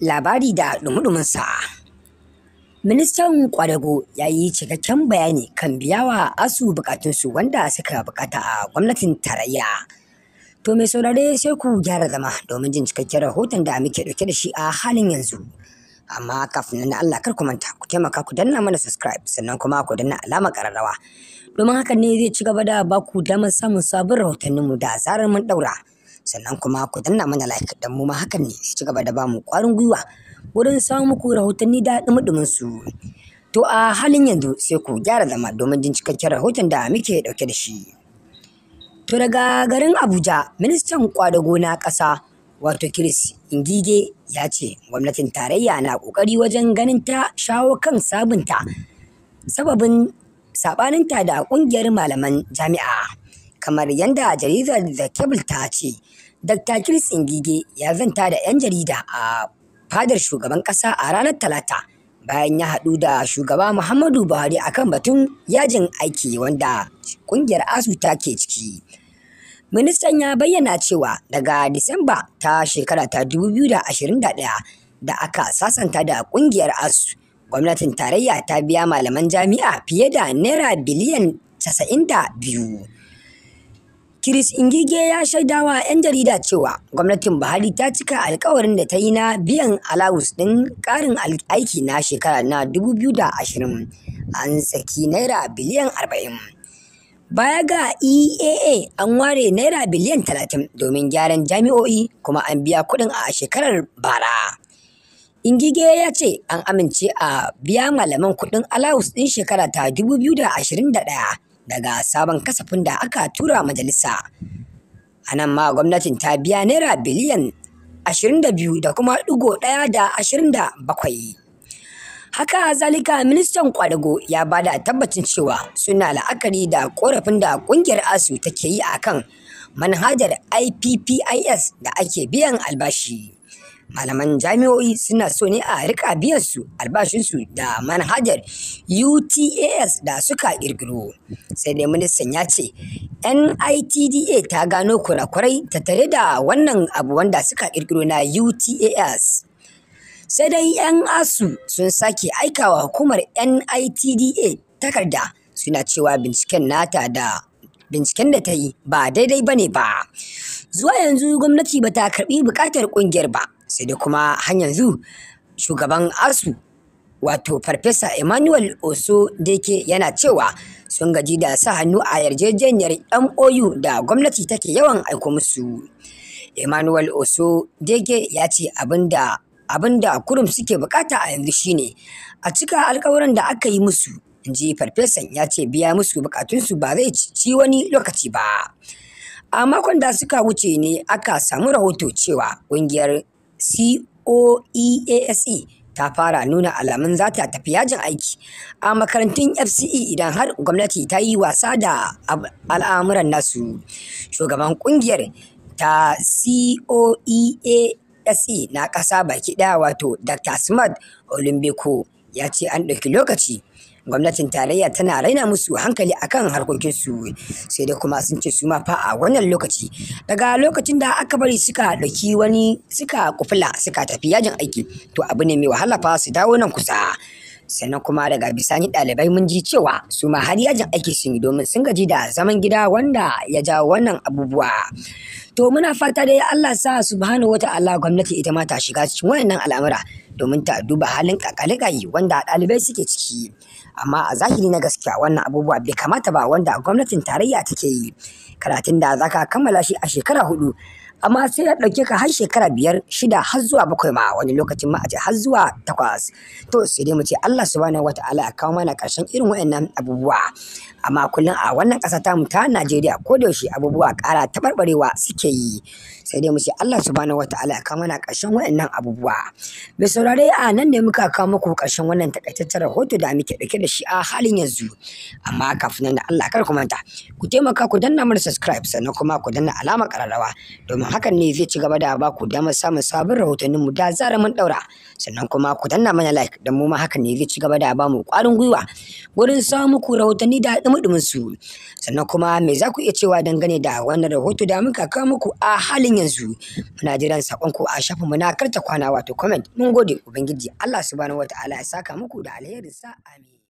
labari da ɗumuɗuminsa. Ministan Kwadago ya yi cikakken bayani kan biyawa asu bukatunsu wanda suka bukata a gwamnatin tarayya. To mai saurare sai ku gyara zama domin jin cikakken rahoton da muke dauke da shi a halin yanzu. Amma kafin nan Allah kar ku manta ku taimaka ku danna mana subscribe sannan kuma ku danna alama ƙararrawa. Domin hakan ne zai ci gaba da baku damar samun sabon rahotanninmu da zarar mun daura. sannan kuma ku danna mana like dan mu ma hakan ne ci gaba da bamu kwarin gwiwa wurin samu muku rahotanni da dumudumin su to a halin yanzu sai ku gyara zama domin jin cikakken rahoton da muke dauke da shi to daga garin Abuja ministan kwadago Gona ƙasa wato Chris Ngige ya ce gwamnatin tarayya na kokari wajen ganin ta shawo kan sabunta sababin sabaninta da kungiyar malaman jami'a kamar yadda jaridar The Cable ta ce. Dr. Chris Ngige ya zanta da 'yan jarida a fadar shugaban kasa a ranar Talata bayan ya haɗu da shugaba Muhammadu Buhari a kan batun yajin aiki wanda kungiyar ASU ta ke ciki. Ministan ya bayyana cewa daga Disamba ta shekara ta 2021 da aka sasanta da kungiyar ASU, gwamnatin tarayya ta biya malaman jami'a fiye da naira biliyan 92. Chris Ingige ya shaida wa 'yan jarida cewa gwamnatin Buhari ta cika alkawarin da ta yi na biyan alawus ɗin ƙarin aiki na shekara na 2020 an tsaki naira biliyan 40. Baya ga EAA an ware naira biliyan 30 domin gyaran jami'o'i kuma an biya kuɗin a shekarar bara. Ingige ya ce an amince a biya malaman kuɗin alawus ɗin shekara ta 2021. daga sabon kasafin da aka tura majalisa. A nan ma gwamnatin ta biya naira biliyan 22 da kuma ɗigo ɗaya da 27. Haka zalika ministan kwadago ya ba da tabbacin cewa suna la'akari da korafin da ƙungiyar asu take yi a kan manhajar IPPIS da ake biyan albashi. malaman jami'o'i suna so ne a rika biyan su albashinsu da manhajar UTAS da suka kirkiro. Sai dai ministan ya ce NITDA ta gano kurakurai tare da wannan abu wanda suka kirkiro na UTAS. Sai dai 'yan asu sun sake aikawa hukumar NITDA takarda suna cewa binciken nata da binciken da ta yi ba daidai ba ne ba. Zuwa yanzu gwamnati ba ta karɓi buƙatar ƙungiyar ba, sai dai kuma har yanzu shugaban asu wato farfesa emmanuel oso deke yana cewa sun gaji da sa hannu a yarjejeniyar mou da gwamnati take yawan aiko musu emmanuel oso deke ya ce abinda da kurum suke bukata a yanzu shine a cika alkawarin da aka yi musu ji farfesan ya ce biya musu bukatunsu ba zai ci wani lokaci ba a makon da suka wuce ne aka samu rahoto cewa ƙungiyar coease e ta fara nuna alamun za ta tafi yajin aiki a makarantun fce idan har gwamnati ta yi wasa da al'amuran nasu shugaban kungiyar ta coease e na ƙasa baki ɗaya wato dr smart olimbeko ya ce an ɗauki lokaci gwamnatin tarayya tana raina musu hankali akan harkokinsu sai dai kuma sun ce su ma fa a wannan lokaci daga lokacin da aka bari suka ɗauki wani suka kufula suka tafi yajin aiki to abu ne mai wahala fa su dawo nan kusa sannan kuma daga bisani ɗalibai mun ji cewa su ma har yajin aiki sun yi domin sun gaji da zaman gida wanda ya jawo wannan abubuwa to muna fata da dai Allah sa subhanahu wata'ala gwamnati ita ma ta shiga cikin wayannan al'amura domin ta duba halin kakalikayi wanda ɗalibai suke ciki amma a zahiri na gaskiya wannan abubuwa bai kamata ba wanda gwamnatin tarayya take yi karatun da zaka kammala shi a shekara hudu amma sai ya ɗauke ka har shekara biyar shida har zuwa bakwai ma wani lokacin ma a ce har zuwa takwas to sai dai mu ce Allah subhanahu wataala ya kawo mana karshen irin wayannan abubuwa amma kullum a wannan ƙasa tamu ta Najeriya ko da yaushe abubuwa ƙara taɓarɓarewa suke yi sai dai mu ce Allah subhanahu wataala ya kawo mana ƙarshen wayannan abubuwa Mai saurare a nan ne muka kawo muku karshen wannan takaitaccen rahoto da muke ɗauke da shi a halin yanzu amma kafin nan da Allah kar ku manta ku taimaka ku danna mana subscribe sannan kuma ku danna alamar ƙararrawa domin hakan ne zai ci gaba da ba ku damar samun sabon rahotannin mu da zarar mun daura sannan kuma ku danna mana like dan mu ma hakan ne zai ci gaba da ba mu kwarin gwiwa gurin samu muku rahotanni da dumudumin su sannan kuma me za ku iya cewa dangane da wannan rahoto da muka kawo muku a halin yanzu muna jiran sakon ku a shafin mu na karta kwana wato comment mun gode ubangiji Allah subhanahu wataala ya saka muku da alherin sa amin